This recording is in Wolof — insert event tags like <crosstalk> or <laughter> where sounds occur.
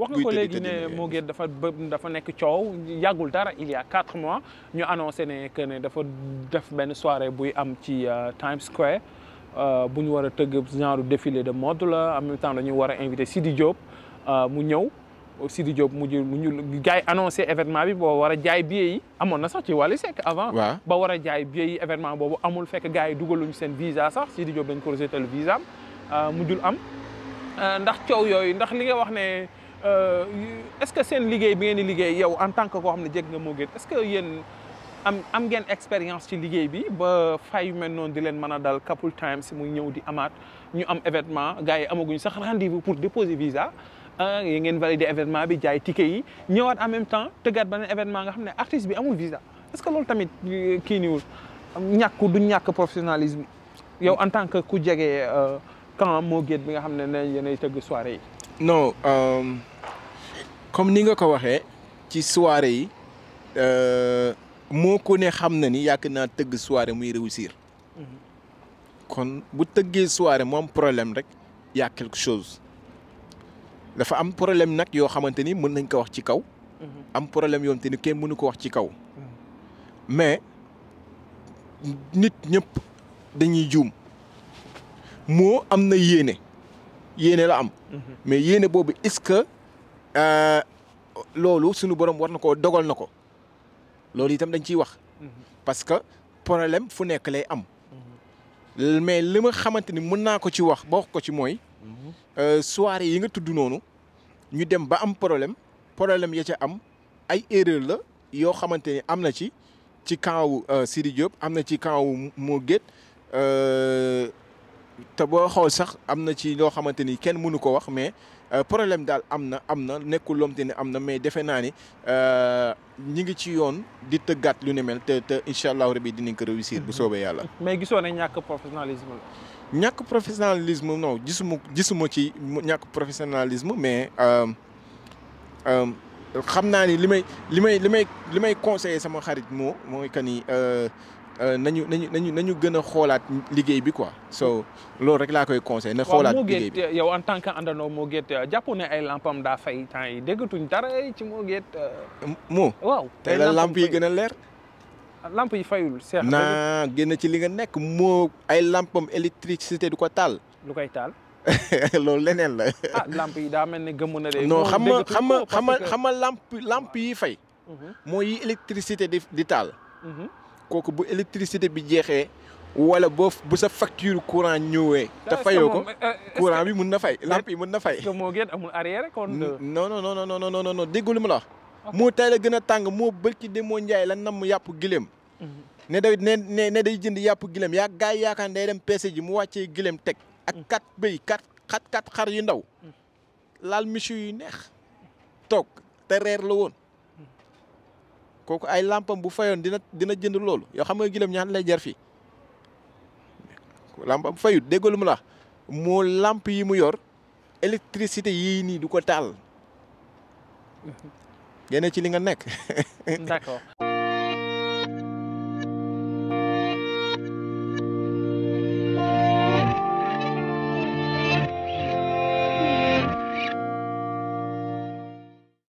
wax nga ko léegi ne moo gën dafa dafa nekk coow yàggul dara il y quatre mois ñu annoncé ne que ne dafa def benn soirée buy am ci euh, Times Square euh, bu ñu war a tëgg genre défilé de mode la en même temps dañu war a invité di Diop euh, mu ñëw Sidi Diop mu ñu mu ñu gars yi annoncé événement bi boo war a jaay billets yi amoon na sax ci Wally Seck avant ba war a jaay billets yi événement boobu amul fekk gars yi dugaluñu seen visa sax Sidi Diop dañ ko rejeté le visa am mu jul am ndax coow yooyu ndax li wax Euh, est-ce que seen liggéey bi ngeen di liggéey yow en tant que koo xam ne jég nga moo est-ce que yéen am am ngeen expérience ci liggéey bi ba fay yu mel noonu di leen mën a dal couple si muy ñëw di amaat ñu am événement gars yi amaguñ sax rendez pour déposer visa ah, yi ngeen valider événement bi jaay ticket yi ñëwaat en même temps tëggaat beneen événement nga xam ne artiste bi amul visa est-ce que loolu tamit euh, kii niwul ñàkku du ñàkk professionnalisme yow en tant que ku jege quand moo gën bi nga xam ne ne yéenay tëgg soirée yi non euh, comme ni nga ko waxee ci soire yi euh, moo ko ne xam na ni yàgg naa tëgg soirée muy réussir kon bu tëggee soire moom problème rek y a quelque dafa am problème nag yoo xamante ni mën nañ ko wax ci kaw mhm. am problème yoo xamante ni kenn mënu ko wax ci kaw mhm. mais nit ñëpp dañuy juum moo am na yéene yéene la am mhm. mais yéene boobu est que Euh, loolu sunu borom war na ko dogal na ko loolu itam dañ ciy wax. Mhm. parce que problème fu nekk lay am. Mhm. mais li ma xamante ni mën naa ko ci wax ba wax ko ci mooy. Mhm. Euh, soirée yi nga tudd noonu ñu dem ba am problème problème ya ca am ay erreur la yoo xamante ni am na ci ci camp wu euh, Sidi Diop am na ci camp wu gét Gates te boo xool sax am na ci loo xamante ni kenn mënu ko wax mais euh, problème daal am na am na nekkul lom te ne am na mais defe naa ni euh, ñi ngi ci yoon di tëggaat lu ne mel te te incha allahu rabi dinañ ko réussir. bu soobee yàlla. <laughs> mais gisoo ne ñàkk professionnalisme la. ñàkk professionnalisme non gisuma gisuma ci ñàkk professionnalisme mais euh, xam naa ni li may li may li may li may conseiller sama xarit moo mooy que ni. Euh, nañu nañu nañu nañu gën a xoolaat liggéey bi quoi so loolu rek laa koy conseil na xoolaat liggéey bi yow en tant que àndandoo moo géet jàppo ne ay lampam daa fay temps yi déggatuñ dara ci moo géet euh. moo waaw tey la làmp yi gën a leer lamp yi fayul seex naa génn ci li nga nekk moo ay lampam électricité du ko taal lu koy taal <laughs> loolu leneen la ah lamp yi daa mel ne gëmm na de noo xam nga xam nga xam nga lamp lamp yi fay mhm. mooy yi électricité di taal mhm. kooku bu électricité bi jeexee wala boo bu sa facture courant ñëwee. te fayoo ko euh, courant bi mun na fay lamp yi mun na fay. moo gën amul arrière kon. non non non non non non ma la wax. moo tay la gën a tàng moo bërki de moo njaay la nam yàpp gileem. Mhm. ne day ne ne day jënd yàpp gileem yaa gaay yi yaakaar day dem peese ji mu wàccee gileem teg. ak mhm. kat béy kat xat kat xar yu ndaw. Mhm. laal michu yu neex. toog te reer la woon. kooku ay làmpam bu fayoon dina dina jënd loolu yoo xam nga gileem ñaata lay jar làmpam lampam fayut déggalu mu làmp yi mu yor électricité yii nii du ko taal. génne <laughs> ci li nga nekk. <laughs> d'accord.